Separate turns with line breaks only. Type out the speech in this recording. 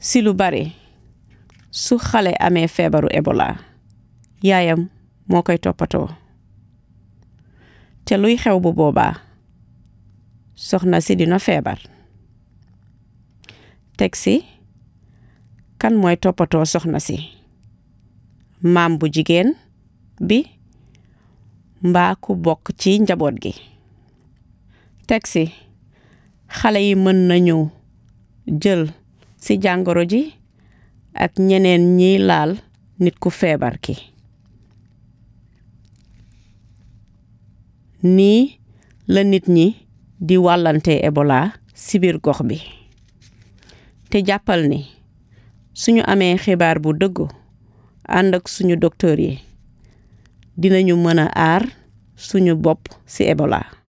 si lu bari su xale amee feebaru Ebola yaayam moo koy toppatoo te luy xew bu boobaa soxna si dina feebar teg si kan mooy toppatoo soxna si maam bu jigéen bi mbaa ku bokk ci njaboot gi teg si xale yi mën na nañu jël ci jàngoro ji ak ñeneen ñiy laal nit ku feebar ki nii la nit ñi di wàllante Ebola si biir gox bi te jàppal ni suñu amee xibaar bu dëggu ànd ak suñu docteur yi dinañu mën a aar suñu bopp ci Ebola